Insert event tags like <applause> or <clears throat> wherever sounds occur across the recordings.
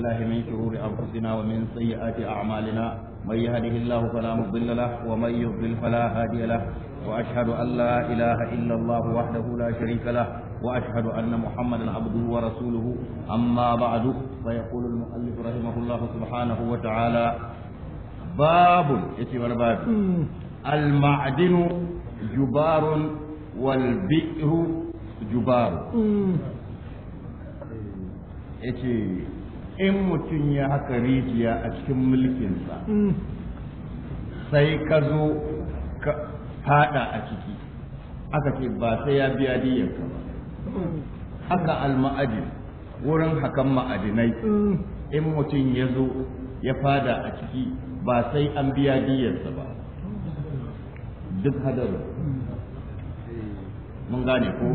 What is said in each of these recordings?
الله من شرور أنفسنا ومن سيئات أعمالنا من يهده الله فلا مضل له ومن يضلل فلا هادي له وأشهد أن لا إله إلا الله وحده لا شريك له وأشهد أن محمدا عبده ورسوله أما بعد فيقول المؤلف رحمه الله سبحانه وتعالى باب باب المعدن جبار والبئر جبار yace in mutum ya haka rijiya a cikin mulkinsa mm. sai ka zo ka fada a ciki aka ce ba sai ya biya diyyarka ba mm. haka alma'adin wurin hakan ma'adinai mm. in mutum ya zo ya fada a ciki ba sai an biya diyyarsa ba duk hadarin mun gane ko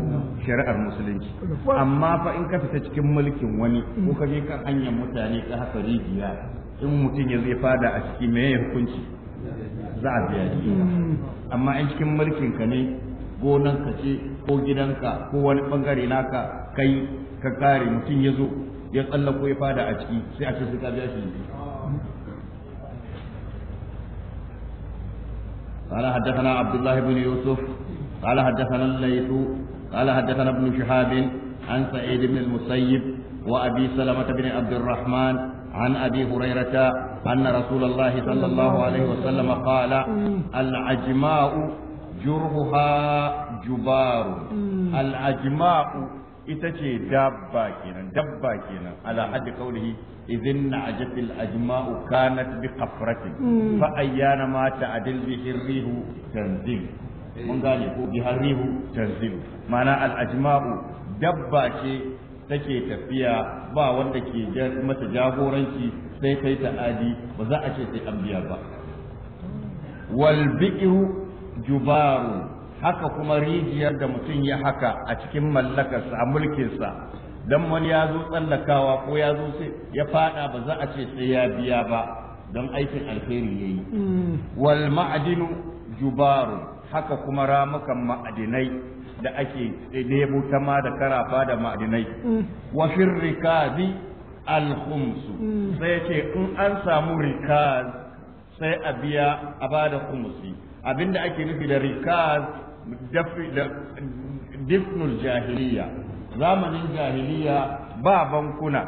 shari'ar musulunci amma fa in ka fita cikin mulkin wani ko ka je kan hanyar mutane ka haka rijiya in mutum ya zai fada a ciki me ya hukunci za a biya amma in cikin mulkin ka ne gonan ka ce ko gidanka ko wani bangare naka kai ka kare mutum ya zo ya tsallako ya fada a ciki sai a ce sai ka biya shi قال حدثنا عبد الله بن يوسف قال حدثنا الليث قال حدثنا ابن شهاب عن سعيد بن المسيب وأبي سلمة بن عبد الرحمن عن أبي هريرة أن رسول الله صلى الله عليه وسلم قال العجماء جرهها جبار العجماء ita ce dabba kenan dabba kenan ala haddi qawlihi idhin na'jatil ajma'u kanat bi qafratin fa ayyana ma ta'dil bihi rihu tanzil mun gane ko bi harihu tanzilu ma'ana al-ajma'u dabba ce take tafiya ba wanda ke mata jagoranci sai kai adi ba za a ce sai an biya ba wal jubaru haka kuma rijiyar da mutum ya haka a cikin mallakarsa a mulkinsa dan wani ya zo tsallakawa ko ya zo sai ya fada ba za a ce sai ya biya ba don aikin alheri yayi hmm. wal ma'adinu jubaru haka kuma ramukan ma'adinai da ake nemo ta ma da karafa da ma'adinai mm. wa rikazi al-khumsu mm. sai ce in an samu rikaz sai a biya a bada khumsi abinda ake nufi da rikaz difnul jahiliya zamanin jahiliya ba bankuna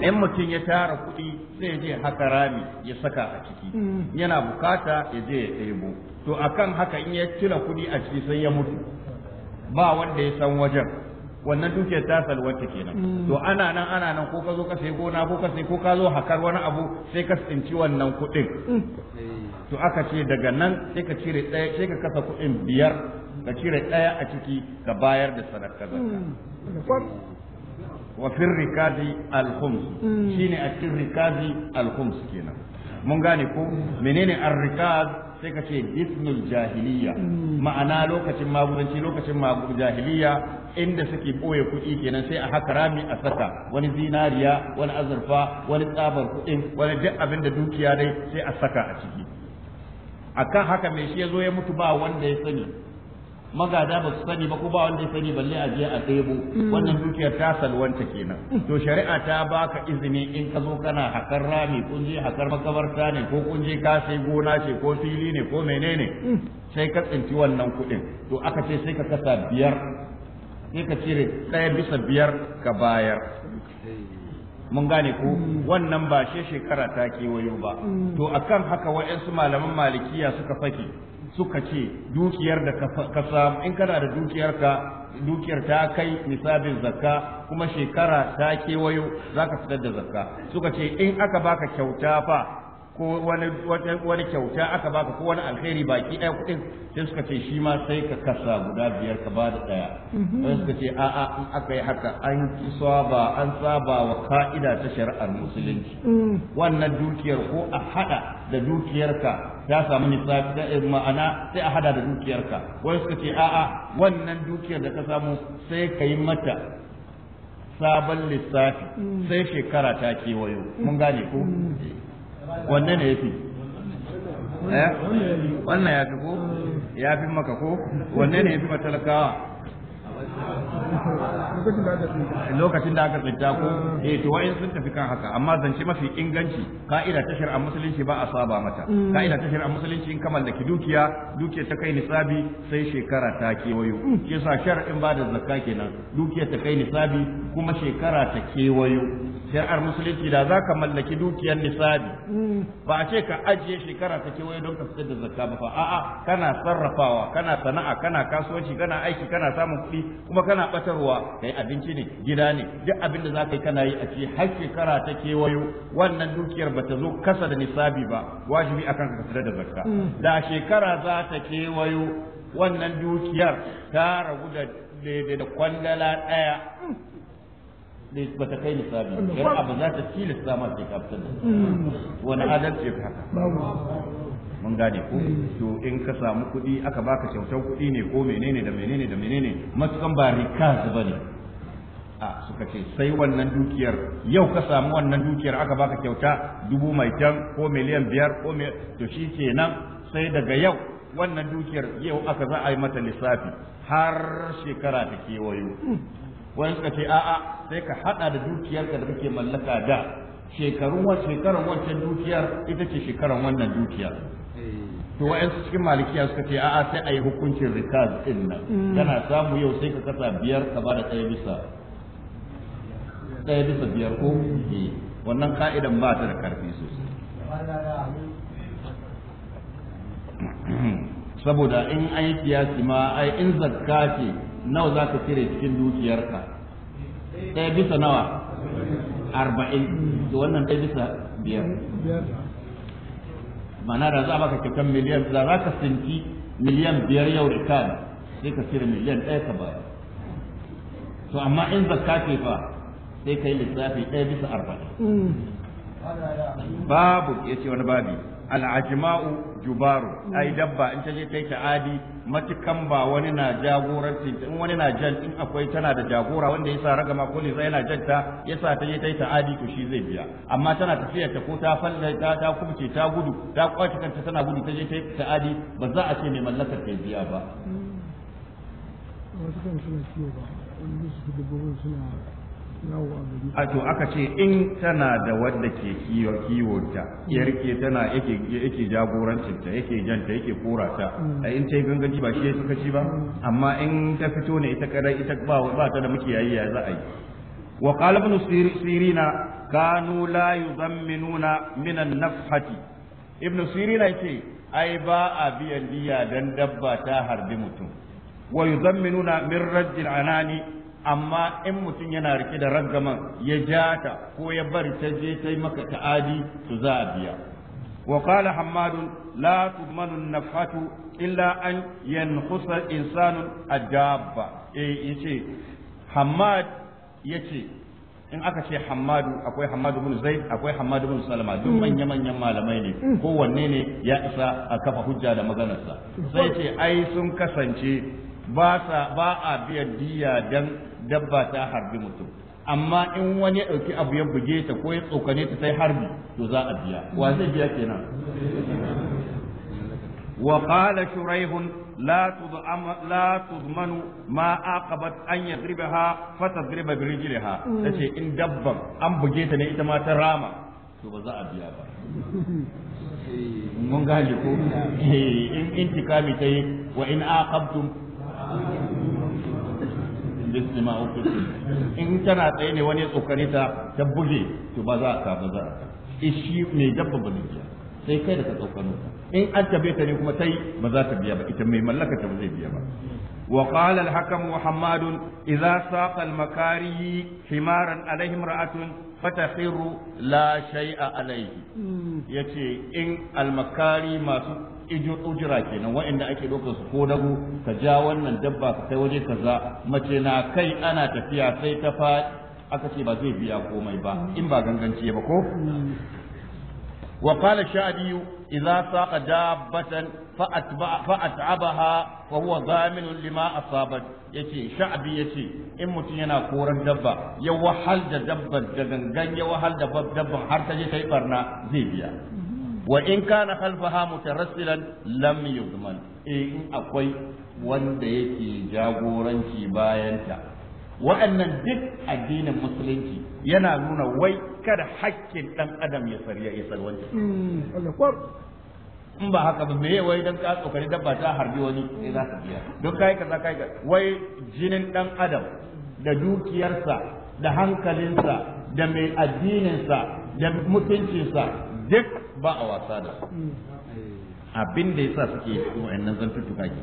in mutum ya tara kuɗi sai je haka rami ya saka a ciki mm. yana bukata ya je ya ɗebo to akan haka in ya cire kuɗi a ciki sai ya mutu ba wanda ya san wajen wannan duke ta salwanta kenan mm. to ana nan ana nan ko ka zo ka sai gona ko ka sai ko ka zo hakar wani abu sai ka tsinci wannan kuɗin mm. to aka ce daga nan sai ka cire ɗaya sai ka kasa kuɗin biyar ka cire ɗaya a ciki ka bayar da sadaka mm. wa fi rikazi al-khums shine a cikin rikazi al-khums kenan mun gane ko menene arrikaz sai ka ce bismul jahiliya mm. ma'ana lokacin magudanci lokacin jahiliya inda suke ɓoye kuɗi kenan sai a haka rami a saka wani zinariya wani azurfa wani tsabar kuɗin wani duk abin da dukiya dai sai a saka a ciki akan haka mai shi ya zo ya mutu ba wanda ya sani magada ba su sani ba ko ba wanda ya sani balle a je a ɗebo mm. wannan dukiyar ta salwanta kenan mm. to shari'a ta baka izini in ka zo kana hakar rami kun je hakar makabarta ne ko kun je ka sai gona ce ko fili ne ko menene mm. sai ka tsinci wannan kuɗin to aka ce sai ka kasa biyar sai ka cire ɗaya bisa biyar ka bayar mun gane ko wannan ba shi shekara ta kewayo ba to akan haka wa'yansu malaman malikiya suka fake suka ce dukiyar da ka samu in kana da dukiyar ka dukiyar ta kai misabin zakka kuma shekara ta kewayo zaka fitar da zakka suka ce in aka baka kyauta fa ko wani kyauta aka baka ko wani alheri baki ɗaya kuɗin sai suka ce shi ma sai ka kasa guda biyar ka ba da ɗaya mm-hmm. sai suka ce a'a in aka yi haka an saba an saba wa ka'ida ta shari'ar musulunci mm. wannan dukiyar ko a hada da dukiyarka ta samu nisafi da eh, ma'ana sai a hada da dukiyarka wai suka ce a'a wannan dukiyar da ka samu sai ka yi mata sabon lissafi mm. sai shekara ta kewayo mun gane ko mm. wanne ne yafi eh wannan fi ko fi maka ko wanne ne yafi matalakawa lokacin da aka tsinta ko eh to wa'in sun tafi kan haka amma zance mafi inganci ka'ida ta shar'a musulunci ba a saba mata mm. ka'ida ta shar'a musulunci in kamar da ki dukiya dukiya ta kai nisabi sai shekara ta kewayo shi yasa shar'in ba da zakka kenan dukiya ta kai nisabi kuma shekara ta kewayo shari'ar musulunci da za ka mallaki dukiyar nisabi ba a ce ka ajiye shekara ta kewaye don ka fitar da zakka ba fa a'a kana sarrafawa kana sana'a kana kasuwanci kana aiki kana samun kuɗi kuma kana batarwa kai abinci ne gida ne duk abin da za ka yi kana yi a ce har shekara ta kewayo wannan dukiyar ba ta zo kasa da nisabi ba wajibi akan ka fitar da zakka da shekara za ta kewayo wannan dukiyar ta ragu da da kwandala ɗaya ba ta kai lissafi yar abu za ta ci lissama sai ka da mm. wani adalci haka mun gane ko mm. to in ka samu kuɗi aka baka kyautar kuɗi ne ko menene da menene da menene matukan ba su bane a suka ce sai wannan dukiyar yau ka samu wannan dukiyar aka baka kyauta dubu mai can ko miliyan biyar ko to shi nan, sai daga yau wannan dukiyar yau aka za a yi mata lissafi har shekara ta kewayo mm. wani suka ce a'a sai ka hada da dukiyarka da kake mallaka da shekarun wa shekaran wancan dukiyar ita ce shekaran wannan dukiyar to wa'ansu cikin malikiya suka ce a'a sai a yi hukuncin rikaz din nan mm. kana samu yau sai ka kasa biyar ka bada ɗaya bisa ɗaya bisa biyar ko eh, wannan ka'idan ba ta da karfi sosai <clears throat> saboda in an yi kiyasi ma ai in zakka ce nawa za ka cire cikin dukiyarka ɗaya bisa nawa arba'in to wannan ɗaya bisa biyar mana da za a baka kyakkyan miliyan da za ka sinki miliyan biyar yau da kan sai ka cire miliyan ɗaya ka bayar to amma in zakka ce fa sai ka yi lissafi ɗaya bisa arba'in mm. babu ya ce wani babi al'ajma'u jubaru ai dabba in ta je ta yi ta'adi matukan ba wani na jagoranci in wani na jan in akwai tana da jagora wanda ya sa ragama ko liza yana janta ya sa ta je ta yi ta'adi to shi zai biya amma tana tafiya ta ko ta falla ta ta kubce ta gudu ta kwace kanta tana gudu ta je ta yi ta'adi ba za a ce mai mallakar ta biya ba wasu kan suna ciwo ba wani suna a to aka ce in tana da wadda ke kiwo kiwonta mm. yarke tana yake jagorancinta yake janta yake kora ta mm. a in tai gangaji ba shi ya suka ci ba mm. amma in ta fito ne ita kadai ita ba ba ta da yayi ya za a yi wa qala ibn sirina kanu la yuzamminuna min an-nafhati ibn sirina yace ai ba a biyan diya dan dabba ta harbi mutum wa yuzamminuna min rajul anani amma in mutum yana rike da raggaman ya ja ta ko ya bari ta je ta maka ta'adi to za a biya wa qala hammadun la tudmanu nafatu illa an yanqusa insanu adabba eh yace hammad yace in aka ce hammadu akwai hammadu bin zaid akwai hammadu bin salama duk hmm. manya manyan malamai ne hmm. kowanne ne ya isa a kafa hujja da maganarsa hmm. sai ce ai sun kasance ba ba a biyan diya dan dabba ta harbi mutum amma in wani ya ɗauki abu ya buge ta ko ya tsokane ta sai harbi to za a biya wa zai biya kenan wa qala shuraih la tudam la tudmanu ma aqabat an yadribaha fa tadriba bi rijliha tace in dabban an buge ta ne ita ma ta rama to ba za a biya ba mun gane ko eh, in intikami tayi wa in aqabtum in tana tsaye ne wani tsokane ta ta buge to ba za a ka ba za a ishi mai dabba ba sai kai da ka tsokano in an tabe ta ne kuma yi ba za ta biya ba ita mai mallaka ta ba zai biya ba وقال الحكم محمد إذا ساق المكاري حمارا عليه امرأة فتخر لا شيء عليه يتي إن المكاري masu. ujira kenan wa'anda ake ɗaukar su ko dago ka ja wannan dabba ka kai waje kaza mace na kai ana tafiya sai ta fa aka ce ba zai biya komai ba in ba ganganci ba ko wa qala sha'bi idza saqa dabbatan fa atba fa at'abaha fa huwa zamin lima asabat yace sha'bi yace in mutum yana koran dabba ya wahal da dabban da gangan ya wahal da dabban har ta je ta yi barna zai biya wa in kana khalfaha mutarassilan lam yudman eh in akwai wanda yake jagoranci bayanta waɗannan duk addinin musulunci yana nuna wai kada hakkin ɗan adam ya sarya ya salwanta hmm, in ba haka ba me wai dan ka tsokari dabba ta harbi wani sai za ka biya don kai ka kai wai jinin ɗan adam da dukiyarsa da hankalinsa da mai addininsa da mutuncinsa duk ba a wasa da abin da yasa suke nan zan zantuttuka ke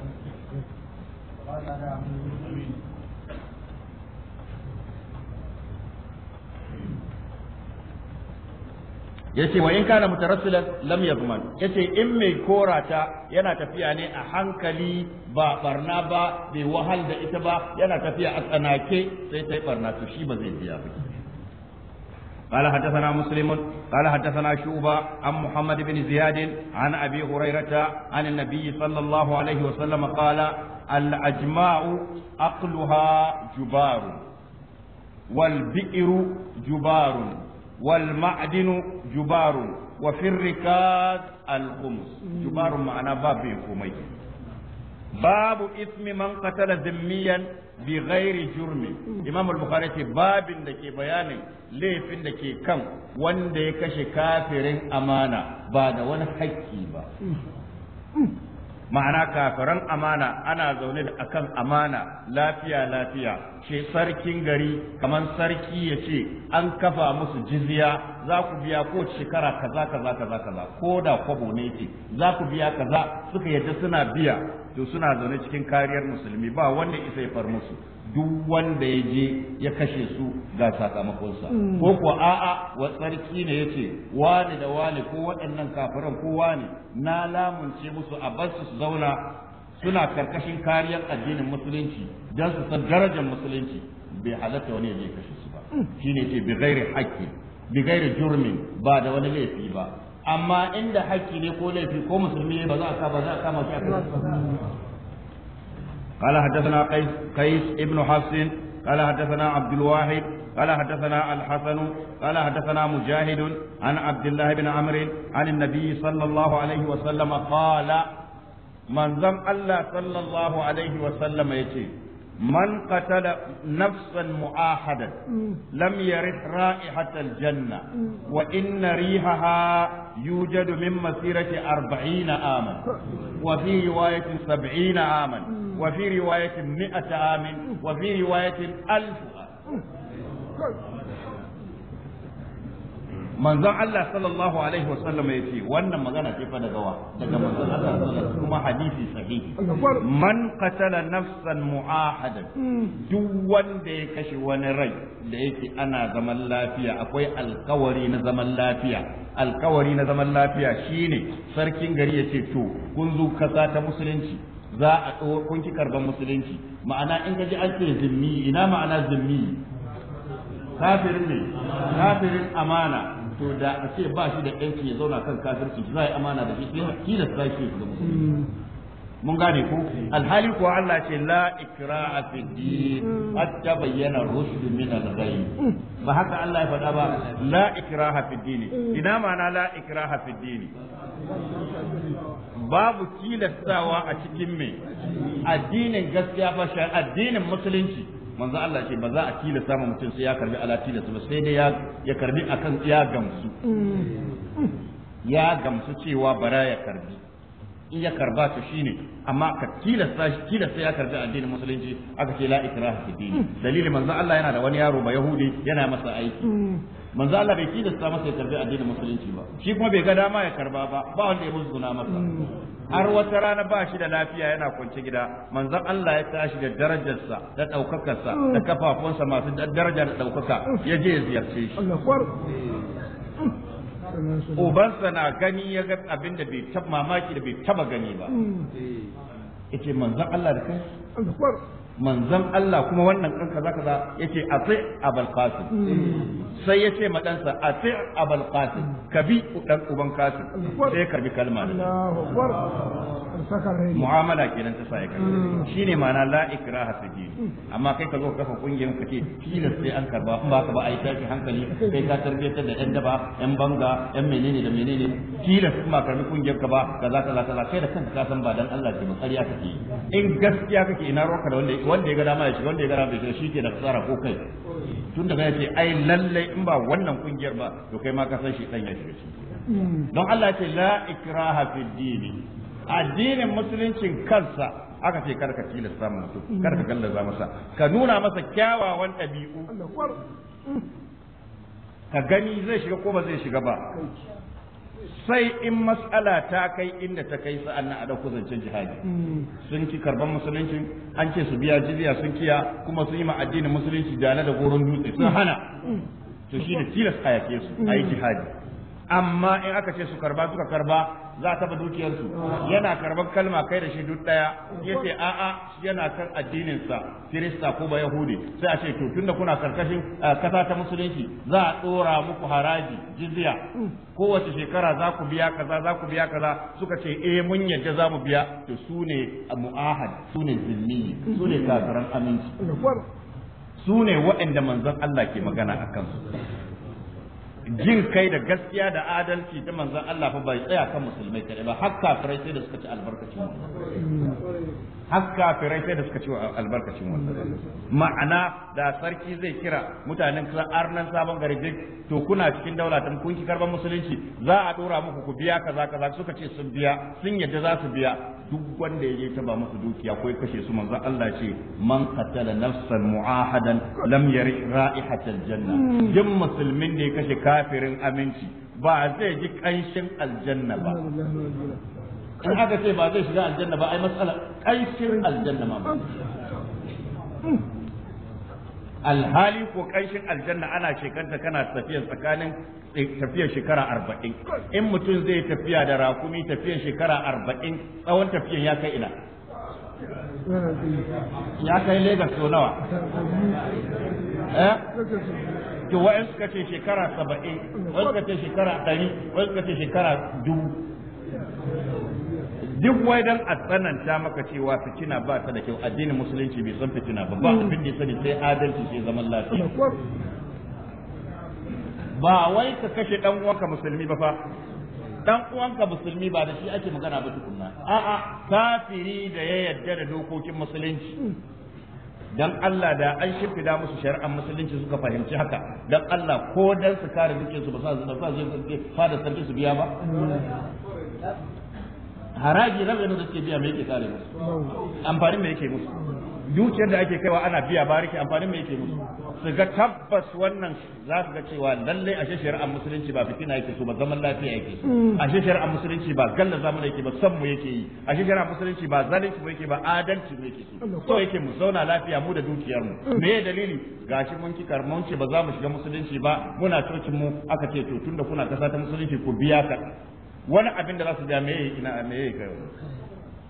yace wa in kana mutarassila lam Ya yace in mai korata yana tafiya ne a hankali ba barna ba bai wahal da ita ba yana tafiya a tsanake sai sai barna to shi ba zai biya ba قال حدثنا مسلم قال حدثنا شوبة عن محمد بن زياد عن أبي هريرة عن النبي صلى الله عليه وسلم قال الأجماع أقلها جبار والبئر جبار والمعدن جبار وفي الركاز الخمس جبار معنى باب كومي باب إثم من قتل ذميا bi ghairi jurmi imam al-bukhari ce babin da ke bayanin laifin da ke kan wanda ya kashe kafirin amana ba da wani hakki ba ma'ana kafiran amana ana zaune da akan amana lafiya lafiya ke sarkin gari kamar sarki ya ce an kafa musu jizya za ku biya ko shekara kaza kaza kaza kaza ko da kwabo ne ce za ku biya kaza suka yadda suna biya to suna zaune cikin kariyar musulmi ba wanda isa ya far musu duk wanda ya je ya kashe su ga sakamakonsa hmm. ko kuwa a'a wa tsarki ne yace wani da wani ko waɗannan kafiran ko wani na lamunce musu a bar su zauna suna karkashin kariyar addinin musulunci don su san darajar musulunci bai halatta wani ya je kashe su ba hmm. shine ce bi ghairi haqqi bi ghairi jurmin ba da wani laifi ba amma inda haƙƙi ne ko laifi ko musulmi ne ba za a ka ba za a kama shi a kai قال حدثنا قيس قيس ابن حفص قال حدثنا عبد الواحد قال حدثنا الحسن قال حدثنا مجاهد عن عبد الله بن عمرو عن النبي صلى الله عليه وسلم قال من ذم الله صلى الله عليه وسلم يتي من قتل نفسا معاهدا لم يرح رائحة الجنة وإن ريحها يوجد من مسيرة أربعين عاما وفي رواية سبعين عاما وفي رواية مئة عام وفي رواية ألف عام manzon Allah sallallahu alaihi wa ya ce wannan magana ce fa daga wa daga manzon Allah sallallahu kuma hadisi sahihi man qatala nafsan mu'ahadan duk wanda ya kashe wani rai da yake ana zaman lafiya akwai alkawari na zaman lafiya alkawari na zaman lafiya shine sarkin gari ya ce to kun zo kasa ta musulunci za a kun ki karban musulunci ma'ana in ka ji an ce zimmi ina ma'ana zimmi kafirin ne kafirin amana to da a ce ba shi da yanci ya zauna kan kafirci za a yi amana da shi tilas za shi ga musulmi hmm. mun gane ko hmm. alhali ko Allah ce la ikra'a fi din hatta hmm. bayyana rusul min al-ghayb ba haka Allah ya faɗa ba la ikra'a fi din ina ma'ana la ikra'a fi din babu tilastawa a cikin me addinin gaskiya ba addinin musulunci manzo Allah ce ba za a tilasta samun mutum sai ya karbi ala tilasta ba sai dai ya karbi akan ya gamsu mm. ya gamsu cewa bara ya karbi in ya karba to shine amma ka tilasta shi sai ya karbi addinin musulunci aka ce la ikraha fi dini mm. dalilin manzo Allah yana da wani yaro ba yahudi yana masa aiki mm. manzo Allah bai sa masa ya karbi addinin musulunci ba shi kuma bai ga dama ya karba ba ba wanda ya musguna masa har wata rana ba shi da lafiya yana kwance gida manzon Allah ya tashi da darajarsa da ɗaukakarsa da kafafunsa masu daraja da ɗaukaka ya je ya ziyarce shi ubansa na gani ya ga abin da bai mamaki da bai taba gani ba hmm. yace manzon Allah da kai manzon Allah kuma wannan kan kaza kaza yace ati abul qasim sai yace ma dansa ati abul qasim kabi dan uban qasim sai karbi kalma Allahu akbar mu'amala kenan ta sai ka mm. shine ma'ana la ikraha fi din amma kai ka zo ka kafa kungiyar ka ce kila sai an karba in ba ka ba ai taki hankali kai ka tarbiyatar da yan daba yan banga yan menene da menene tilas kuma karbi kungiyar ka ba kaza kaza kaza kai da kanka ka san ba dan Allah ke ba ƙarya kake in gaskiya kake ina roka da wanda wanda ya ga dama ya shiga wanda ya ga dama ya shi ke da tsara ko kai tun daga yace ai lalle in ba wannan kungiyar ba to kai ma ka san shi dan ya shiga shi don Allah ce la ikraha fi dini addinin musuluncin kansa aka ce karka tilasta mutum karka gallaza masa ka nuna masa kyawawan dabi'u ka gani zai shiga ko ba zai shiga ba sai in matsala ta kai inda ta kai sa'an nan a ɗauko zancen jihadi hmm. sun ki karban musulunci an ce su biya jiriya sun kiya kuma sun yi ma addinin musulunci dana da goron dutse sun hmm. hana hmm. to shi ne tilas a yake su a yi jihadi amma in aka ce su karba suka karba za a taba dukiyarsu yana karban kalma kai da shi duk daya Ya a a yana kan addininsa kirista ko ba yahudi sai a ce to tun da kuna karkashin kasa eh, ta musulunci za a dora muku haraji jizya kowace shekara za ku biya kaza za ku biya kaza suka ce eh mun yadda za mu biya to su ne mu'ahad su ne su ne kafiran aminci su ne waɗanda manzon Allah ke magana a kansu jin kai da gaskiya da adalci ta manzon Allah fa bai tsaya kan musulmai kaɗai ba har kafirai sai da suka ci albarkacin wannan har kafirai sai da suka ci albarkacin wannan ma'ana da sarki zai kira mutanen arnan sabon gari duk to kuna cikin daula ta kun ki karban musulunci za a dora muku ku biya kaza kaza suka ce sun biya sun yadda za su biya duk wanda ya je taba musu dukiya ko ya kashe su manzon Allah ce man qatala nafsan mu'ahadan lam yari ra'ihatal janna hmm. duk musulmin da ya kashe kafirin aminci ba zai ji kanshin aljanna ba in aka ce ba zai shiga aljanna ba ai matsala kanshin aljanna ma ba hmm. alhali ko kanshin aljanna ana shekanta kana tafiya tsakanin eh, tafiyar shekara arba'in in mutum zai tafiya da rakumi tafiyar shekara arba'in tsawon tafiyan ya kai ina ya kai Legas so nawa eh to wa'in suka ce shekara saba'in wa'in suka ce shekara ɗari wa'in suka ce shekara dubu duk wai dan a tsananta maka cewa fitina ba ta da kyau addinin musulunci bai san fitina ba ba abin da sani sai adalci sai zaman lafiya ba wai ka kashe dan uwanka musulmi ba fa dan uwanka musulmi ba da shi ake magana ba tukunna a'a kafiri da ya yarda da dokokin musulunci dan Allah da an shimfida musu shari'ar musulunci suka fahimci haka dan Allah ko dan su kare dukin su ba sa su ba sa su fada sarki su biya ba haraji rabin da suke biya me yake kare musu amfanin me yake musu dukiyar da ake kaiwa ana biya bariki amfanin me yake musu su ga tabbas wannan za su ga cewa lalle ashe a musulunci ba fitina yake so ba zaman lafiya yake mm. ashe a musulunci ba galla zamu yake ba san mu yake yi A ashe a musulunci ba zalunci mu yake ba adalci mu yake so so yake mu zauna lafiya mu da dukiyar mu mm. me ya dalili gashi mun kikar mun ce ba za mu shiga musulunci ba muna cocin mu aka ce to tunda kuna kasa ta musulunci ku biya ka wani abin da za su ja meye ina meye kai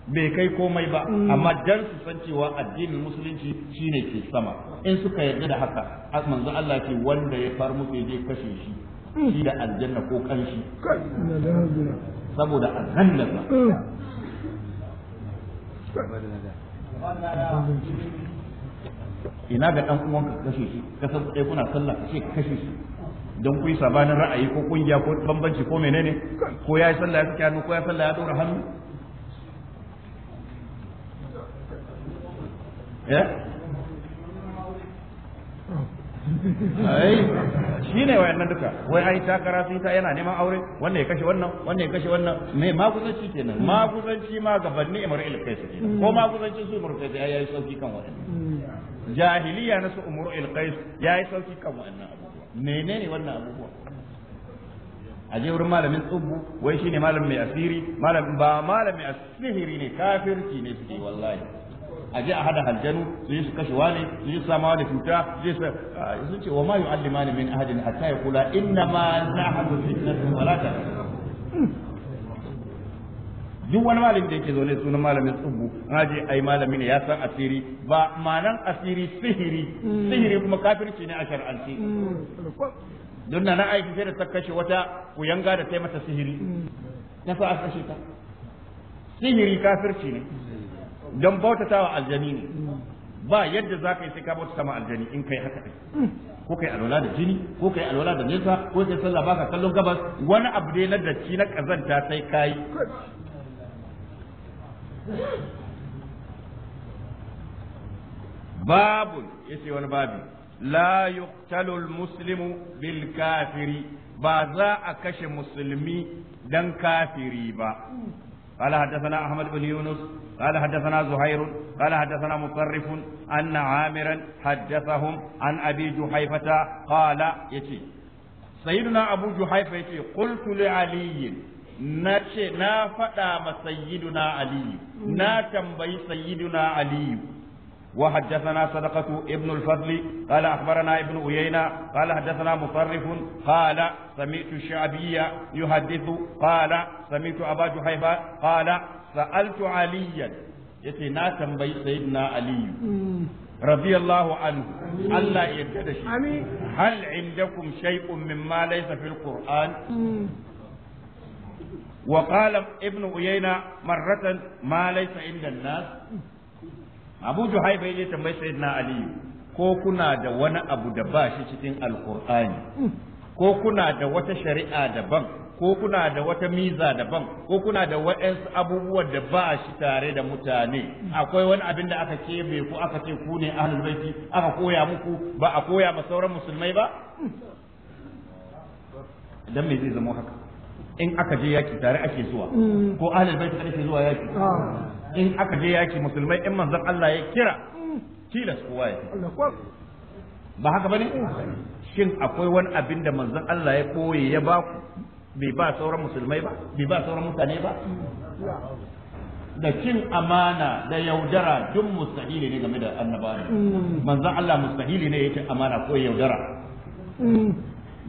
bai kai komai ba mm. amma dan su san cewa addinin musulunci shine ke sama in suka yarda da haka manzo Allah ke wanda ya far musu je kashe shi shi da aljanna ko kanshi saboda aljanna ba mm. ina ga dan uwanka kashe shi ka kuna sallah kashe kashe shi don ku yi sabanin ra'ayi ko kungiya ko bambanci ko menene ko ya yi sallah ya saki hannu ko ya sallah ya dora hannu eh ai shi ne wa yannan duka wai ai takara sun ta yana neman aure wannan ya kashe wannan wannan ya kashe wannan me ke kenan maguzanci ma gabanni imar ilkaisa kenan mm. ko maguzanci su imar ilkaisa ya yi sauki kan wa'annan mm. jahiliya na su umar ilkaisa ya yi sauki kan wa'annan abu menene wannan abubuwa a je wurin malamin tsubbu wai shine malamin mai asiri malamin ba malamin mai asiri ne kafirci ne suke wallahi a a hada haljanu su yi su kashe wani su yi sama da cuta su yi sun ce wa ma yu'allimani min ahadin hatta yaqula inna ma nahnu fitnatun wala ta. duk wani malami da yake zaune sunan malamin tsubu na je ai malami ne ya san asiri ba manan asiri sihiri mm. sihiri kuma kafirci ne a shar'anci mm. don na na aiki sai da ta kashe wata kuyanga da ta mata sihiri na mm. sa aka kashe ta sihiri kafirci ne don wa aljani ne ba yadda za ka yi sai ka bauta sama aljani in kai haka ko kai alwala da jini ko kai alwala da nesa ko kai sallah baka kallon gabas wani abu dai na dacci na kazanta sai kai babu yace wani babi la yuqtalul muslimu bil kafiri ba za a kashe musulmi dan kafiri ba قال حدثنا احمد بن يونس قال حدثنا زهير قال حدثنا مطرف ان عامرا حدثهم عن ابي جحيفه قال يتي سيدنا ابو جحيفه يتي قلت لعلي na ce na faɗa ma sayyiduna aliyu na tambayi sayyiduna aliyu wa haddathana sadaqatu ibn al qala akhbarana ibn uyayna qala haddathana musarrif qala sami'tu shabiyya yuhaddithu qala sami'tu aba juhayba qala sa'altu aliyan yace na tambayi sayyiduna aliyu رضي الله عنه الله يرتدى هل عندكم شيء مما ليس في القرآن وقال ابن أيينة مرة ما ليس عند الناس أبو جهيب يجي تنبي سيدنا علي ko kuna da wani abu da ba shi cikin alkur'ani ko kuna da wata shari'a daban ko kuna da wata miza daban ko kuna da waɗansu abubuwan da ba shi tare da mutane akwai wani abin da aka kebe ku aka ce ku ne ahlul baiti aka koya muku ba a koya ma sauran musulmai ba dan me zai zama haka in aka je yaki tare ake zuwa mm. ko ahlul bait ake zuwa yaki ah. in aka je yaki musulmai in manzon Allah ya kira mm. tilas kowa ya ba haka bane mm. shin akwai wani abin da manzon Allah ya koye ya ba ku bai ba sauran musulmai ba bai ba sauran mutane ba da cin amana da yaudara duk mustahili ne game da annabawa manzon Allah mustahili ne yake amana ko yaudara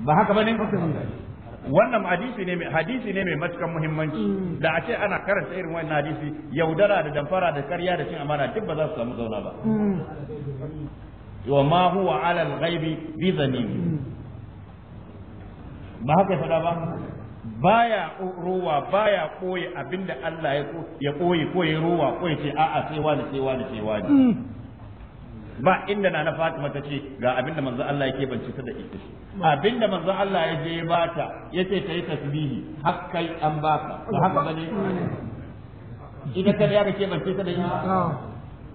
ba haka bane wannan hadisi ne mai hadisi ne mai matukan muhimmanci mm. da a ce ana karanta irin wannan hadisi yaudara da damfara da karya da cin amana duk ba za su samu zauna ba mm. wa ma huwa ala al-ghaibi bi zanim mm. ba haka fada ba baya ruwa baya koyi abinda Allah ya koyi koyi ruwa koyi ce a'a sai wani sai wani sai wani ba inda na Fatima ta ce ga abinda manzo Allah yake bance ta da ita abinda manzo Allah ya je ba ta yace ta yi tasbihi har kai an baka ba haka bane ita ta ya ke bance ta da ita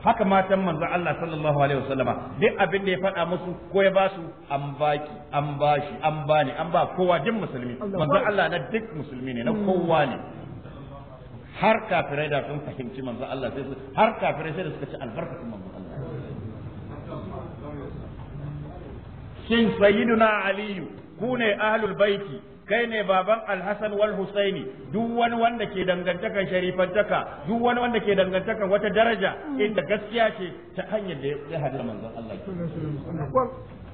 haka matan manzo Allah sallallahu alaihi wasallama duk abin da ya faɗa musu ko ya ba su an baki an bashi an bani an ba kowa duk musulmi manzo Allah na duk musulmi ne na kowa ne har kafirai da sun fahimci manzo Allah sai har kafirai sai da suka ci albarkatun manzo shin sayyiduna aliyu ku ne ahlul baiti kai ne baban alhassan wal husaini duk wani wanda ke dangantakan sharifantaka duk wani wanda ke dangantakan wata daraja inda gaskiya ce ta hanyar da ya hadu manzon Allah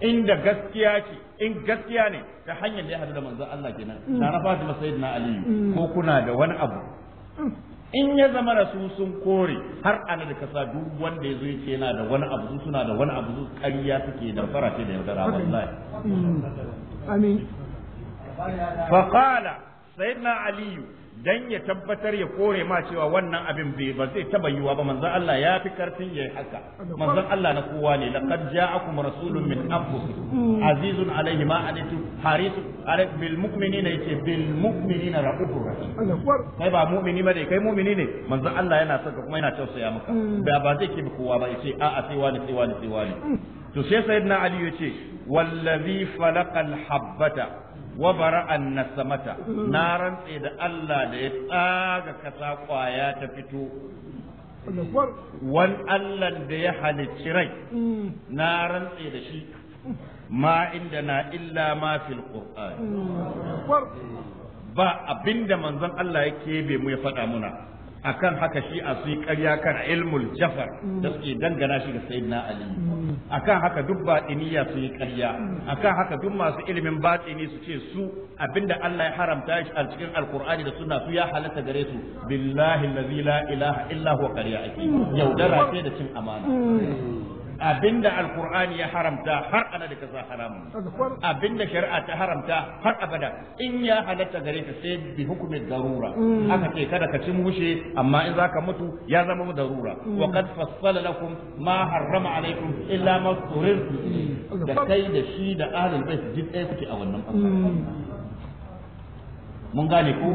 inda gaskiya ce in gaskiya ne ta hanyar da ya hadu da manzon Allah kenan na Fatima sayyidina ko kuna da wani abu in ya zama rasu sun kore har ana da kasa duk wanda ya zo yake yana da wani abu suna da wani abu kariya suke da fara da yaudara wallahi amin qala sayyidina aliyu dan ya tabbatar ya kore ma cewa wannan abin bai ba zai taba yiwa ba manzon Allah ya fi karfin yayi haka manzon Allah na kowa ne laqad ja'akum rasulun min anfusikum azizun alayhi ma anatu harisun alayk bil mu'minina yace bil mu'minina raufur rahim kai ba mu'mini ba ne kai mu'mini ne manzon Allah yana saka kuma yana tausaya maka hmm. ba ba zai ki kowa ba yace a a sai wani sai wani sai wani hmm. to sai sayyidina ali yace wallazi falaqal habbata an bara'an mata, na rantse da Allah da ya tsaga kasa kwaya ta fito Wani Allah da ya halicci rai na rantse da shi ma inda na illa ma fil ba abinda manzon Allah ya kebe mu ya faɗa muna akan haka shi a su yi ƙarya kan ilmul jafar mm. da suke dangana shi ga na ali mm. akan haka duk batiniya su yi ƙarya mm. akan haka duk masu ilimin batini su ce su abinda Allah ya haramta shi a cikin alkur'ani da suna su ya halatta gare su billahi allazi la ilaha illa huwa ƙarya yaudara ce da cin amana abinda alkur'ani ya haramta har ana da kaza haramun abinda shari'a ta haramta har abada in ya halatta gare ka sai bi hukumin darura mm. aka ce kada ka ci mushe amma in zaka mutu ya zama darura mm. wa qad fassala lakum ma harrama alaikum illa ma turirtum mm. da kai da shi da ahlul bait duk ɗaya kuke a wannan mun gane ko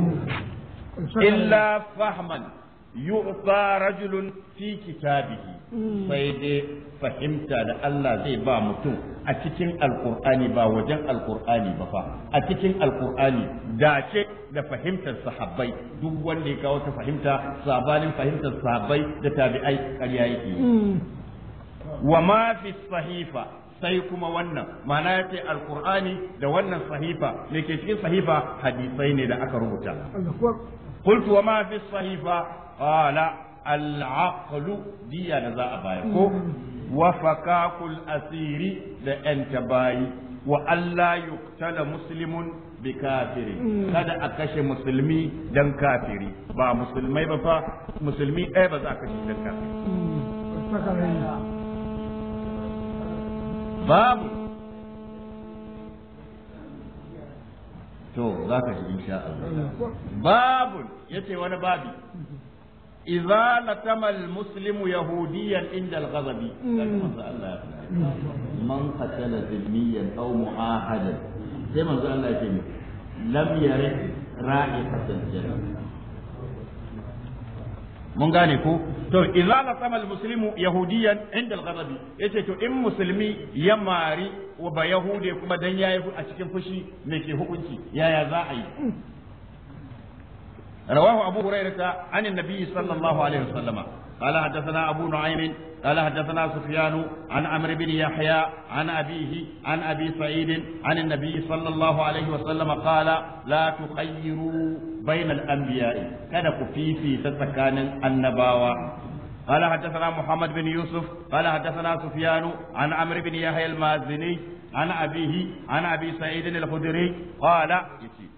illa fahman yu'fa rajulun fi kitabihi hmm. sai dai fahimta da Allah zai ba mutum a cikin alkur'ani ba wajen alkur'ani ba fa a cikin alkur'ani dace da fahimtar sahabbai duk wanda ya kawo ta fahimta sabanin fahimtar sahabbai da tabi'ai ƙarya yake hmm. wa ma fi sahifa sai kuma wannan ma'ana ya ce alkur'ani da wannan sahifa da ke cikin sahifa hadisai ne da aka rubuta qultu wa ma fi qala al-aqlu diya da za a bayar ko wa fakakul asiri da yan tabayi wa Allah yuqtala muslimun bi kafiri, kada a kashe musulmi dan kafiri ba musulmai ba fa musulmi ɗaya ba za a kashe dan kafiri babu to za ka ji insha Allah babu yace wani babi إذا لتم المسلم يهوديا عند الغضب من قتل ذميا أو معاهدا زي ما الله جميع لم يرد رائحة الجنة من قاني تو طيب، إذا لتم المسلم يهوديا عند الغضب إيش تو إم مسلمي يماري وبيهودي كما دنيا يفو أشكي فشي ميكي هو يا يا زاعي رواه أبو هريرة عن النبي صلى الله عليه وسلم قال حدثنا أبو نعيم قال حدثنا سفيان عن عمرو بن يحيى عن أبيه عن أبي سعيد عن النبي صلى الله عليه وسلم قال لا تخيروا بين الأنبياء كان في في تسكان النباوة قال حدثنا محمد بن يوسف قال حدثنا سفيان عن عمرو بن يحيى المازني عن أبيه عن أبي سعيد الخدري قال يسير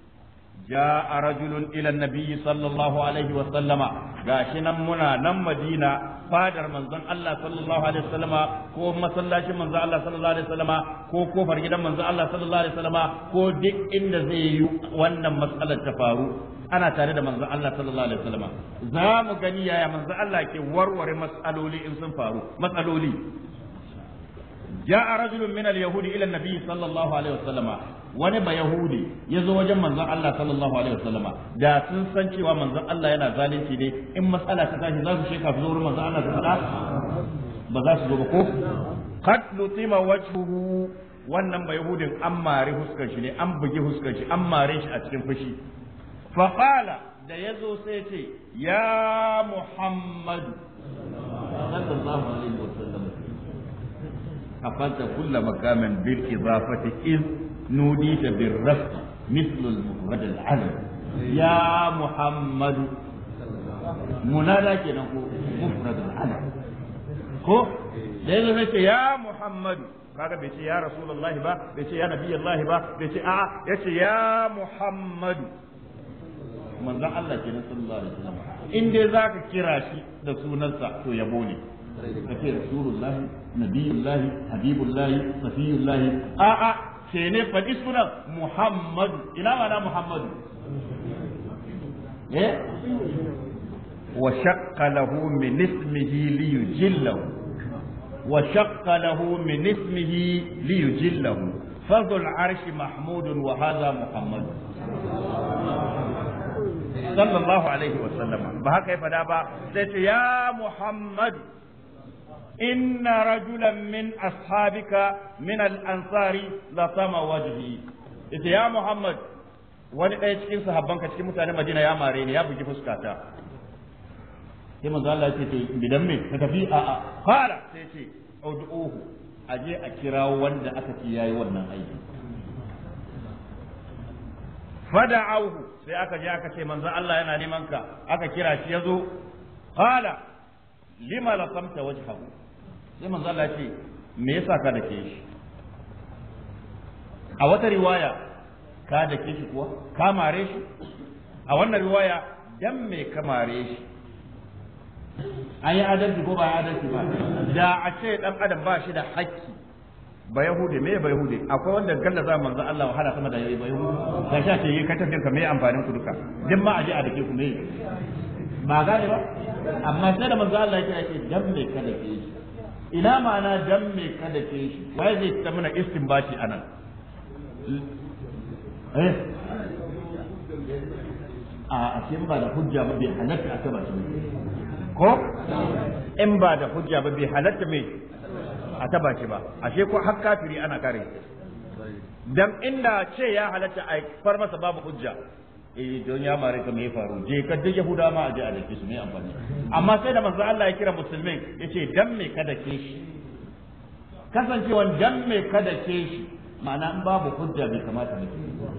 جاء رجل إلى النبي صلى الله عليه وسلم غاشنا منا نم مدينة فادر من زن الله صلى الله عليه وسلم كو مسلاش من زن الله صلى الله عليه وسلم كو كفر جدا من زن الله صلى الله عليه وسلم كو دك إن زي وانا مسألة تفارو ana tare da manzon Allah sallallahu alaihi wasallam za mu gani yaya manzon Allah ke warware mas'aloli in sun faru matsaloli جاء رجل من اليهود إلى النبي صلى الله عليه وسلم wani ba yahudi ya zo wajen manzon Allah sallallahu alaihi wasallama da sun san cewa manzon Allah yana zalunci ne in matsala ta tashi za su sheka su zo manzon Allah su ba za su zo ba ko qad lutima wajhuhu wannan ba yahudin an mare huskar shi ne an bugi huskar shi an mare shi a cikin fushi fa qala da yazo sai ce ya muhammadu sallallahu alaihi wasallam حفظت كل مقام بالإضافة إذ نوديت بالرفع مثل المفرد العلم يا محمد منادى مفرد العلم ko da yanzu sai ce ya Muhammadu kaga bai ce ya Rasulullahi ba bai ce ya Nabiyullahi ba bai ce a'a ya ce ya Muhammadu manzon Allah kenan sallallahu alaihi wasallam in dai zaka kira shi da sunansa to yabo ne kace rasulullahi nabiyullahi habibullahi safiyullahi a a sai ne faɗi muhammadu ina mana eh wa shaqqa lahu min ismihi li yujillahu wa shaqqa lahu min ismihi li yujillahu fadhu al-arshi mahmudun wa hadha muhammadu sallallahu alaihi wa sallama ba haka ya fada ba sai ya muhammadu Inna min ashabika min al-ansari la sama wajhi ita ya Muhammad wani ɗaya cikin sahabbanka cikin mutanen Madina ya mare ni ya bugi fuskata sai manzo Allah ya ce to bidan me ka tafi a a fara sai ce ud'uhu aje a kirawo wanda aka ci yayi wannan aiki fada'uhu sai aka je aka ce manzo Allah yana neman ka aka kira shi yazo qala lima samta wajhahu sai manzo Allah ce me yasa ka dake shi a wata riwaya ka dake shi kuwa ka mare shi a wannan riwaya dan me ka mare shi an yi adalci ko ba adalci ba da a ce dan adam ba shi da hakki ba yahude me ba yahude akwai wanda gallaza manzo Allah wahala sama da yayi ba yahude da sha ce ka tafin ka me amfanin ku duka din ma aje a dake ku me ba gane ba amma sai da manzo Allah ya ce dan me ka dake shi ina ma'ana dan me kada ke shi wai zai ta mana istinbati anan eh a ce ba da hujja ba bai halatta a shi ko in ba da hujja ba bai halatta me a taba ba ashe ko har kafiri ana kare dan inda ce ya halatta a far masa babu hujja eh don ya mare ka me faru je ka duk yahuda ma a je a dake su me amfani amma sai da manzo Allah ya kira musulmin yace dan me kada ke shi kasancewan dan me kada ke shi ma'ana in babu hujja bai kamata ba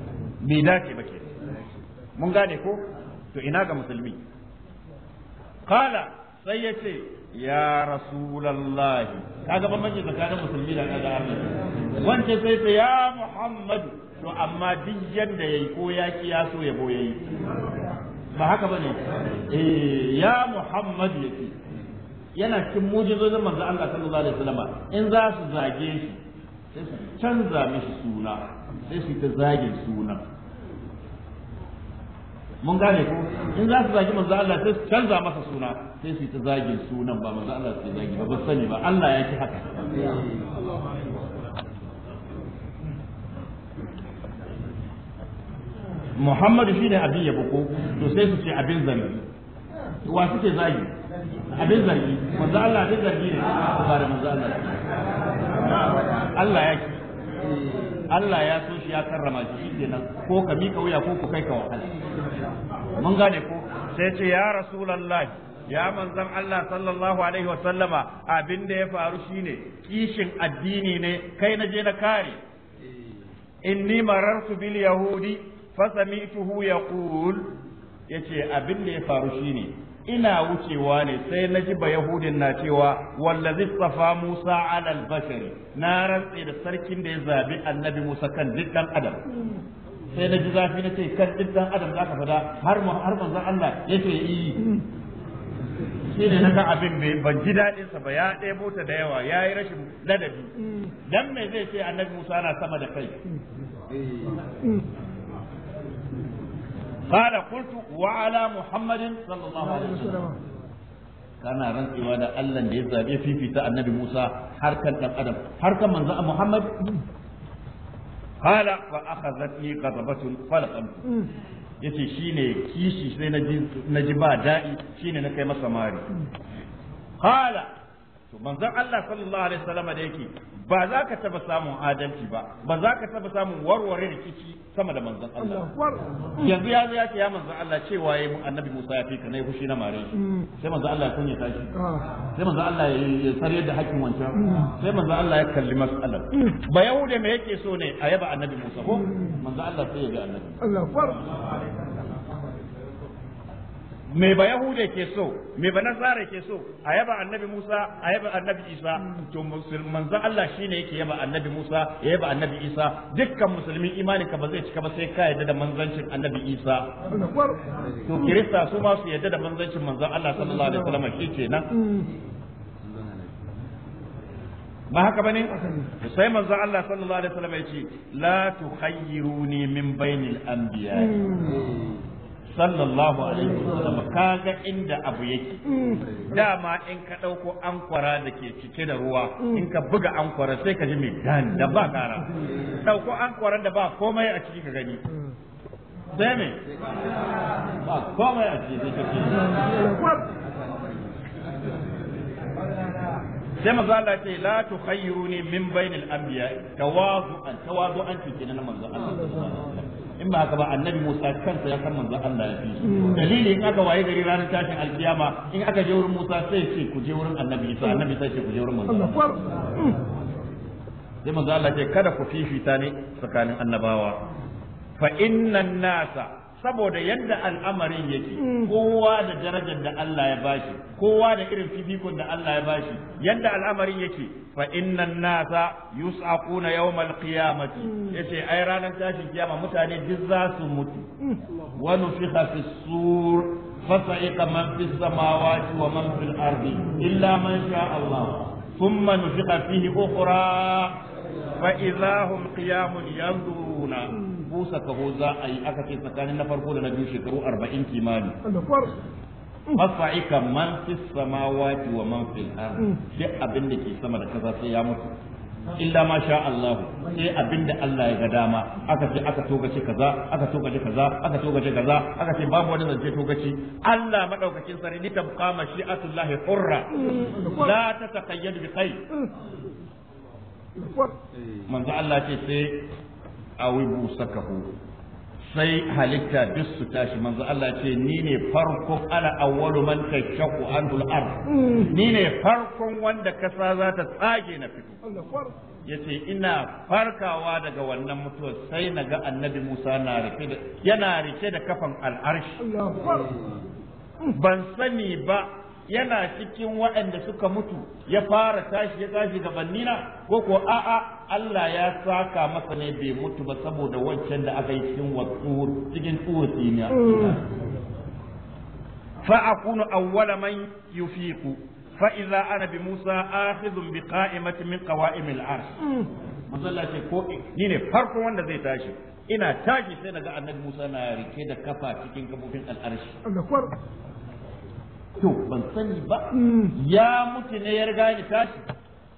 bai dace ba ke mun gane ko to ina ga musulmi Kala sai yace ya rasulullahi kaga bambanci tsakanin musulmi da kaga arna wanda sai ya muhammadu to amma duk yadda yayi ko ya ki ya so yabo yayi ba haka bane eh ya Muhammad yake yana cikin mujizozin manzo Allah sallallahu alaihi wasallam in za su zage shi sai su canza mishi suna sai su ta zage sunan mun gane ko in za su zagi manzo Allah sai su canza masa suna sai su ta zage sunan ba manzo Allah sai zagi ba ba sani ba Allah ya ki haka muhammadu shi ne abin yabo ko to sai su ce abin zargi wa suke zagi abin zargi manzo Allah abin zargi ne ba da manzo Allah Allah ya Allah ya so shi ya karrama shi nan ko ka mika wuya ko ku kai ka wahala mun gane ko sai ce ya rasulullahi ya manzan Allah sallallahu alaihi wa sallama abin da ya faru shine kishin addini ne kai na je na kare inni marartu bil yahudi fasami'tuhu yaqul yace abin da ya faru shine ina wucewa ne sai na ji ba yahudin na cewa wallazi safa musa al-bashari na rantse da sarkin da ya annabi musa kan adam sai na ji zafi na ce kan duk adam za ka fada har mu har manzon Allah ce. yi eh. shi ne na abin bai ban ji daɗin sa ba ya ɗebo ta da yawa ya yi rashin ladabi dan me zai ce annabi musa na sama da kai eh. قال قلت وعلى محمد صلى الله عليه وسلم kana rantsewa da Allah da ya zabe fifita annabi Musa har kan dan adam har kan manzo Muhammad qala fa akhazatni ghadabatun kishi sai na ji ba da'i ne na kai masa mari Hala to manzon Allah sallallahu alaihi wasallam da yake ba za ka taba samun adalci ba ba za ka taba samun warware rikici sama da manzon Allah yanzu ya zo ya ce ya manzon Allah cewa yayi annabi Musa ya fi ka nayi fushi na mare mm. sai manzon Allah ya kunya tashi ah. sai manzon Allah ya sarye da hakkin wancan mm. sai manzon Allah ya kalli mas'alar mm. ba yahude me yake so ne a yaba annabi Musa ko manzon Allah sai ya ga annabi Allahu akbar me ba Yahuda ke so me ba nasara ke so a yaba annabi musa a yaba annabi isa to manzon allah shine yake yaba annabi musa ya yaba annabi isa dukkan musulmin imani ka ba zai cika ba sai ka yadda da manzancin annabi isa to kirista su ma su yadda da manzancin manzon allah sallallahu alaihi wasallam shi kenan ba haka bane sai manzo Allah sallallahu alaihi wasallam ya ce la tukhayyiruni min bainil anbiya sallallahu alaihi wasallam kaga inda abu yake mm. dama in ka dauko ankwara da ke cike da ruwa mm. in ka buga ankwara sai ka ji mai dan da ba kara dauko mm. ankwaran da ba komai a ciki ka gani sai me ba komai a ciki sai manzo Allah ce la tukhayyiruni min bainil anbiya tawazu'an tawazu'an kenan manzo Allah in ba haka ba annabi Musa kansa ya san manzon Allah ya fi hmm. dalili in aka waye gari ranar tashin alkiyama in aka je wurin Musa sai ce ku je wurin annabi Isa annabi sai ce ku je wurin manzon Allah hmm. sai manzon Allah ce kada ku fifita ne tsakanin annabawa fa innan nasa saboda yadda al'amarin yake hmm. kowa da darajar da Allah ya bashi kowa da irin fifikon da Allah ya bashi yadda al'amarin yake fa innan nasa yus'aquna yawmal qiyamati hmm. yace ai ranar tashin kiyama mutane duk za su mutu hmm. wa nufiha fis sur fa man fis samawati wa man fil ardi illa man sha Allah thumma nufiha fihi ukhra fa idahum qiyamun yanzuruna busa kaho za a yi aka ce tsakanin na farko da na biyu shekaru arba'in kimani mafa'i mm. man fi samawati wa man fil ard mm. duk abin da ke sama da kaza sai ya mutu illa ma sha Allah sai da Allah ya ga dama aka ce aka togace kaza aka togace kaza aka togace kaza aka ce babu wani zance togaci. Allah madaukakin sarki ni tabqa mashi'atullah hurra mm. la tataqayyad bi kai. manzo Allah ce sai Awibu busakahu sai halitta duk su tashi manzo Allah ce ni ne farkon ala awwalu man tashaqqu anhu al-ard mm. ni ne farkon wanda kasa za ta tsage na fito yace ina farkawa daga wannan mutuwa sai naga annabi Musa na rike da yana rike da kafan al-arsh ban sani ba yana cikin waɗanda suka mutu ya fara tashi ya tashi bannina? ko ko a'a Allah ya saka masa ne bai mutu ba saboda wancan da aka yi cikin wasur cikin tsohon fa akunu awwala man yufiqu fa idza ana bi Musa akhidhun bi qa'imati min qawa'im al-arsh ce ko ni ne farko wanda zai tashi ina tashi sai daga annabi Musa na rike da kafa cikin kafofin al-arsh to ban sani ba ya mutu ne ya riga ni tashi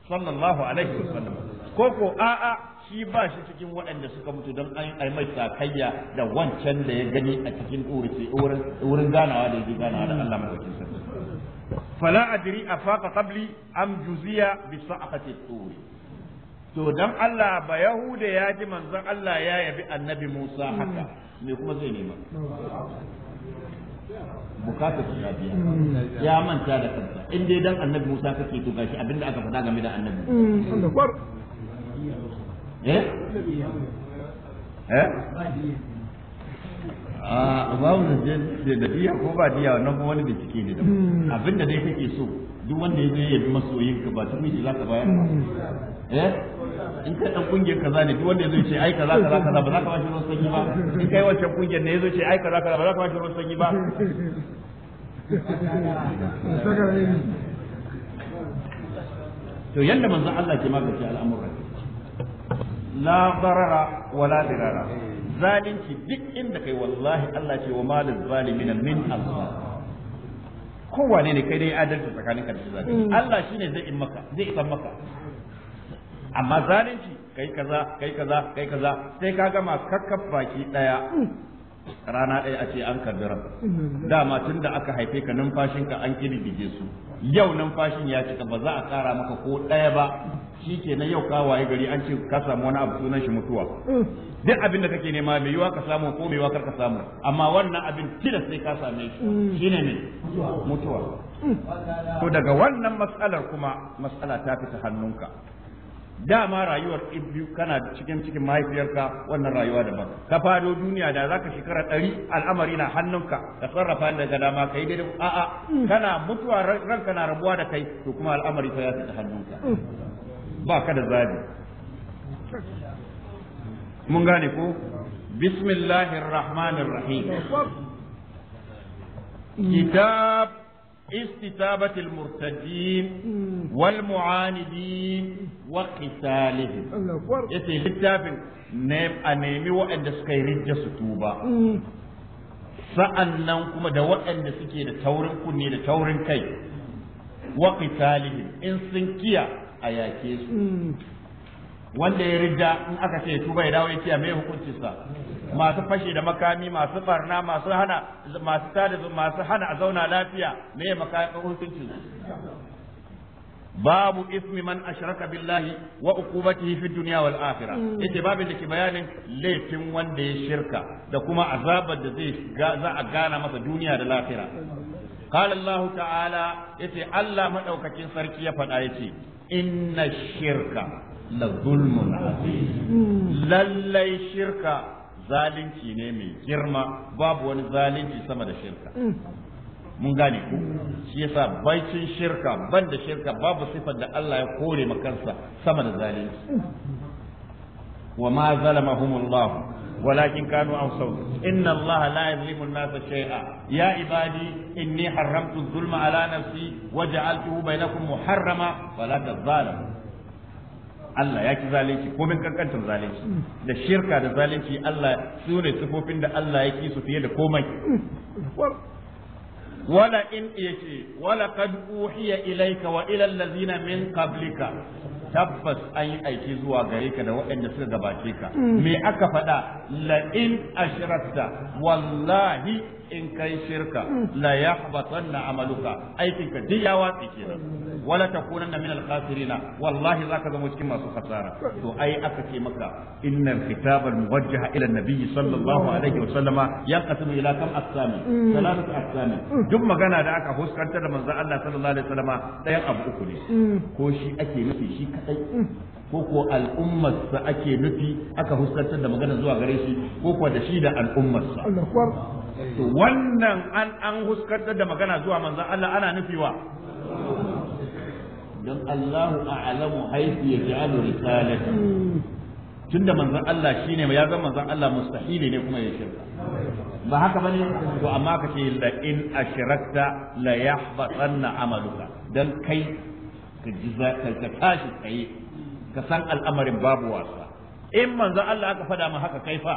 sallallahu alaihi wasallam ko ko a'a shi ba shi cikin waɗanda suka mutu don an mai sakayya da wancan da ya gani a cikin wurin ganawa da ya ganawa da Allah madaukakin sarki fala adri afaqa qabli am juziya bi sa'ati tur to dan Allah ba yahuda ya ji manzon Allah ya yabi annabi Musa haka me kuma zai nema bukatar su ta ya manta da kansa in dai dan annabi Musa kake to gashi abinda aka faɗa game da annabi mm, eh eh a ah, babu da da dabiya ko ba diya wannan kuma wani bincike ne da mm. abinda dai kake so duk wanda ya zo ya bi masoyinka ba tun shi zaka bayar ba mm. Eh? in kai dan kungiyar kaza ne duk wanda yazo ce ai kaza kaza kaza ba za ka bashi ruwan sanyi ba in kai wancan kungiyar ne yazo ce ai kaza kaza ba za ka bashi ruwan sanyi ba to yanda manzon Allah ke magance al'amuran la darara wala dirara zalunci duk inda kai wallahi Allah ce wa malil zalimin min Allah Kowa ne kai dai adalci tsakanin ka da zalunci mm. Allah shine zai in maka zai isan maka amma zalunci kai kaza kai kaza kai kaza sai ka gama kakkaf baki daya rana ɗaya a ce an kaddara dama tun da aka haife ka numfashin ka an kirgije su yau numfashin ya cika ba za a kara maka ko daya ba shi ke na yau ka waye gari an ce ka samu wani abu sunan shi mutuwa duk abin da kake nema mai yiwa ka samu ko mai yiwa kar ka samu amma wannan abin tilas sai ka same shi shine ne mutuwa to daga wannan matsalar kuma matsala ta fita hannunka dama rayuwar biyu kana cikin cikin mahaifiyarka wannan rayuwa daban ka fado duniya da zaka shekara ɗari al'amari na hannunka ka sarrafa ga dama kai daidai a'a kana mutuwa ranka na rabuwa da kai to kuma al'amari fa ya tafi hannunka ba ka da zabi mun gane ko bismillahir rahmanir rahim kitab استتابة المرتدين والمعاندين وقتالهم يتي للتابع نيب أنيمي وأن سكي رجة sa'an nan kuma da waɗanda suke da taurin kunne da taurin kai wa in sun kiya a yake su hmm. wanda ya ridda in aka ce tuba ya dawo yake mai hukuncin sa masu fashe da makami masu barna masu hana masu tada masu hana a zauna lafiya me makami hukuncin babu ismi man ashraka billahi wa uqubatihi fi dunya wal akhirah mm. yace babu da ke bayanin laifin wanda ya shirka da kuma azabar da zai za a gana masa duniya da lahira قال الله تعالى يتي الله مدوكاكين سركي يفدا يتي إن الشرك la zulmun hmm. lallai shirka zalunci ne mai girma babu wani zalunci sama da shirka hmm. mun gane ku shi yasa baicin shirka ban da shirka babu sifar da Allah ya kore makansa sama da zalunci hmm. wa ma zalamahumullah ولكن كانوا أنفسهم إن الله لا يظلم الناس شيئا يا عبادي إني حرمت الظلم على نفسي وجعلته بينكم محرما فلا تظالموا Allah ya ki zalunci ko min kankantar zalunci da shirka da zalunci Allah su ne sifofin da Allah ya ki su fiye da komai wala in yace wala qad uhiya ilayka wa ila allazina min qablika tabbas an yi aiki zuwa gare ka da waɗanda suka gabace ka hmm. me aka faɗa la'in ashirarta wallahi in kai shirka hmm. la yahbatanna amaluka aikin ka duk ya watsi kenan wala takunanna min al-khasirina wallahi ka zama cikin masu khasara to ai aka ce maka innal kitabal muwajjaha ila an sallallahu alaihi wa sallama yanqasimu ila kam aqsami thalathatu hmm. aqsami duk magana da aka huskantar da manzon Allah sallallahu alaihi wa sallama ɗayan abu uku ne ko shi ake nufi shi kadai ko ko al'ummarsa ake nufi aka huskantar da magana zuwa gare shi ko ko da shi da al'ummarsa to wannan an an huskantar da magana zuwa manzon Allah ana nufi wa? dan Allahu a'lamu haythu yaj'alu risalati tunda manzan Allah shine ya zama manzan Allah mustahili ne kuma ya shirka ba haka bane to amma kace la in ashrakta la yahbatanna amaluka dan kai ka ji ka tashi tsaye ka san al'amarin babu wasa in manzo Allah aka faɗa ma haka kaifa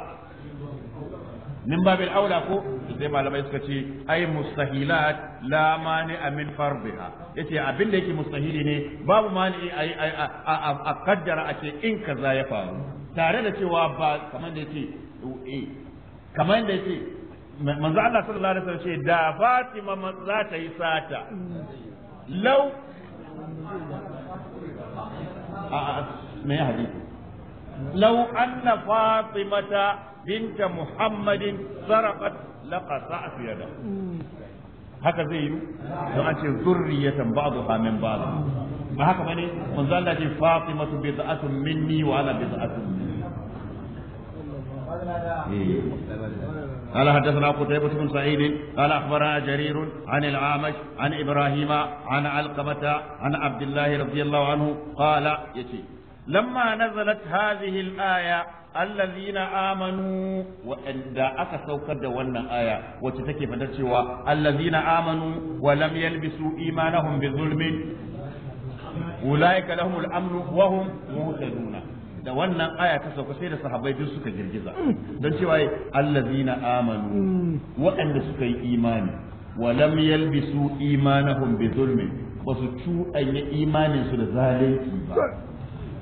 min babil aula ko sai malamai suka ce ai mustahilat la mani amin farbiha yace abin da yake mustahili ne babu mani ai a kaddara a ce in kaza ya faru tare da cewa ba kamar da yake eh, kamar da yake manzo Allah sallallahu alaihi wasallam ce da Fatima za ta yi sata lau ما يا حديث لو Binta فاطمة بنت محمد سرقت لقطعت يده haka zai yi don a ce zurriyatan ba'du ha min ba'd ba haka bane manzo Allah ce Fatima bid'atun minni wa ana bid'atun minni قال حدثنا قتيبة بن سعيد قال أخبرنا جرير عن العامش عن إبراهيم عن علقمة عن عبد الله رضي الله عنه قال يتي لما نزلت هذه الآية الذين آمنوا وإن أكا سوكد وانا آية وتتكي فدرسوا الذين آمنوا ولم يلبسوا إيمانهم بظلم أولئك لهم الأمن وهم مهتدون da wannan aya ta sauka sai da sahabbai duk suka girgiza don cewa allazina amanu mm. waɗanda suka yi imani wa lam yalbisu imanahum bi zulmin ba su cuɗanya imanin su da zalunci ba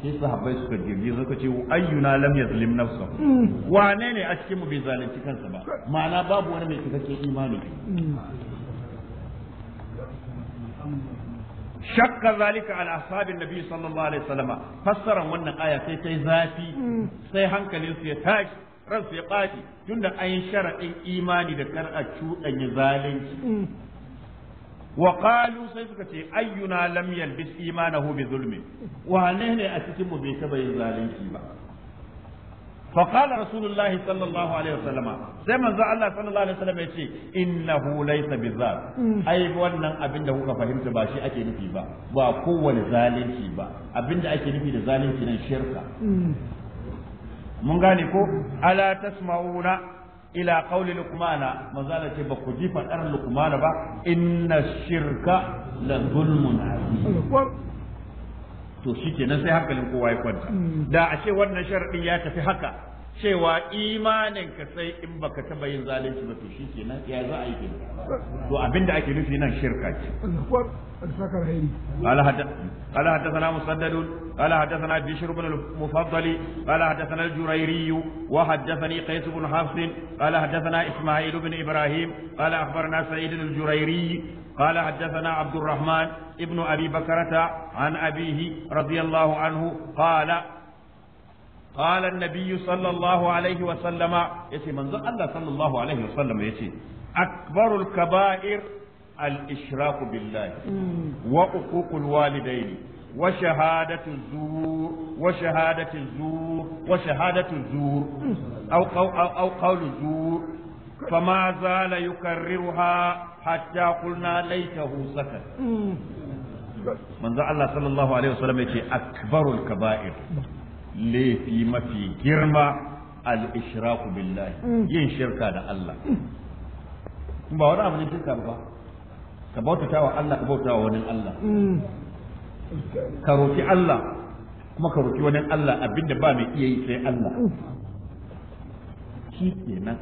sai sahabbai suka girgiza suka ce ayyuna lam yazlim nafsahu mm. wane ne a cikin mu bai zalunci kansa ba ma'ana babu wani mai cikakken imani mm. shakka zalika ala ashabin nabi sallallahu alaihi wasallam fassara wannan aya sai hmm. sai zafi sai hankalin su ya tashi ran su ya tun tunda ayin sharadin imani da kar a cuɗanya zalunci hmm. wa qalu sai suka ce ayyuna lam yalbis imanahu bi zulmi wane ne a cikin mu bai taba yin zalunci ba فقال رسول الله صلى الله عليه وسلم سيما زع الله صلى الله عليه وسلم يقول إنه ليس بالذات أي وانا أبن ده كفا فهمت باشي أكي نفي با وقوة لذالين شي با أبن ده أكي نفي لذالين شي الشركة من قال ألا تسمعون إلى قول لقمان ما زالت بقجي فأر لقمان با إن الشرك لظلم عظيم to shi kenan sai hankalin kowa ya kwanta mm. da a ce wannan sharaɗin ya tafi haka cewa imanin ka sai in baka taba yin zalunci ba to shi kenan ya za a yi kenan to abinda ake nufi nan shirka ce قال قال حدثنا مسدد قال حدثنا بشر بن المفضل قال حدثنا الجريري وحدثني قيس بن حفص قال حدثنا اسماعيل بن ابراهيم قال اخبرنا سعيد الجريري قال حدثنا عبد الرحمن ابن أبي بكرة عن أبيه رضي الله عنه قال قال النبي صلى الله عليه وسلم يسي منذ الله صلى الله عليه وسلم يسي أكبر الكبائر الإشراك بالله وحقوق الوالدين وشهادة الزور وشهادة الزور وشهادة الزور أو, أو, أو, أو قول الزور فما زال يكررها حتى قلنا ليته سكت manzo Allah sallallahu alaihi wasallam yace akbarul kaba'ir laifi mafi girma al ishraku billahi yin shirka da Allah ba wani abu ne shirka ba ka bautata wa Allah ka bautata wa wani Allah ka roki Allah kuma ka roki wani Allah abinda ba mai iya yi sai Allah shi kenan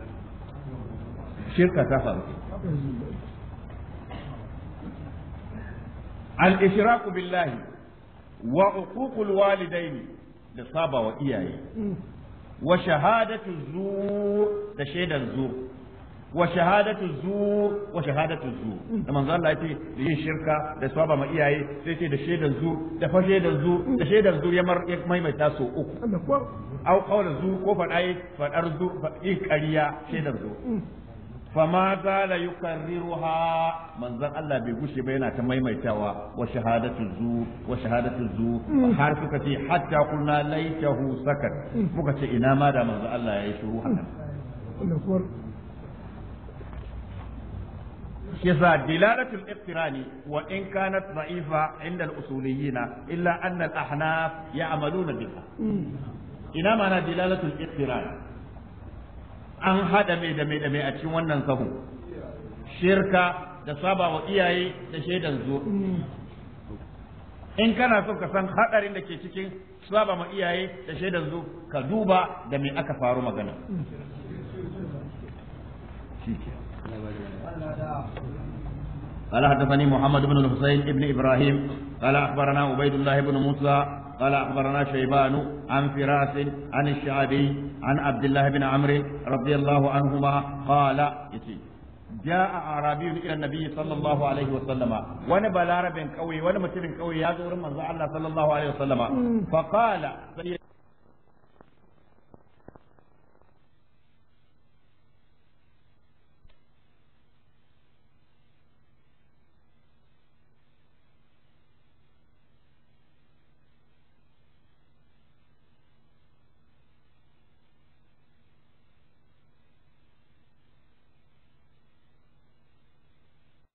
shirka ta faru al-ishraku billahi wa uququl walidaini da saba wa iyaye wa shahadatu zur da shaidan zur wa shahadatu zur wa shahadatu zur da manzo Allah yace da yin shirka da saba ma iyaye sai ce da shaidan zur da fa shaidan zur da shaidan zur ya maimaita so uku au qawla zur ko fadaye fadar zur fadi ƙarya shaidan zur fama za la yukarriruha manzon Allah bai gushe ba yana ta maimaitawa wa shahadatu zu wa shahadatu zu har suka ce hatta kunna laitahu sakat muka ce ina ma da manzon Allah yayi shuru hakan yasa dilalatul iqtirani wa in kanat da'ifa inda al-usuliyyina illa anna al-ahnaf ya'maluna biha ina ma'ana dilalatul iqtirani an hada mai da mai da mai a cikin wannan sahu, shirka da saba wa iyaye da shaidan zo in kana so ka san hadarin da ke cikin saba ma iyaye da shaidan zo ka duba da mai aka faru magana قال حدثني محمد بن الحسين بن ابراهيم قال اخبرنا عبيد الله بن موسى قال أخبرنا شيبان عن فراس عن الشعبي عن عبد الله بن عمرو رضي الله عنهما قال جاء أعرابي إلى النبي صلى الله عليه وسلم وانا بلارب قوي وانا متر قوي يا زور من الله صلى الله عليه وسلم فقال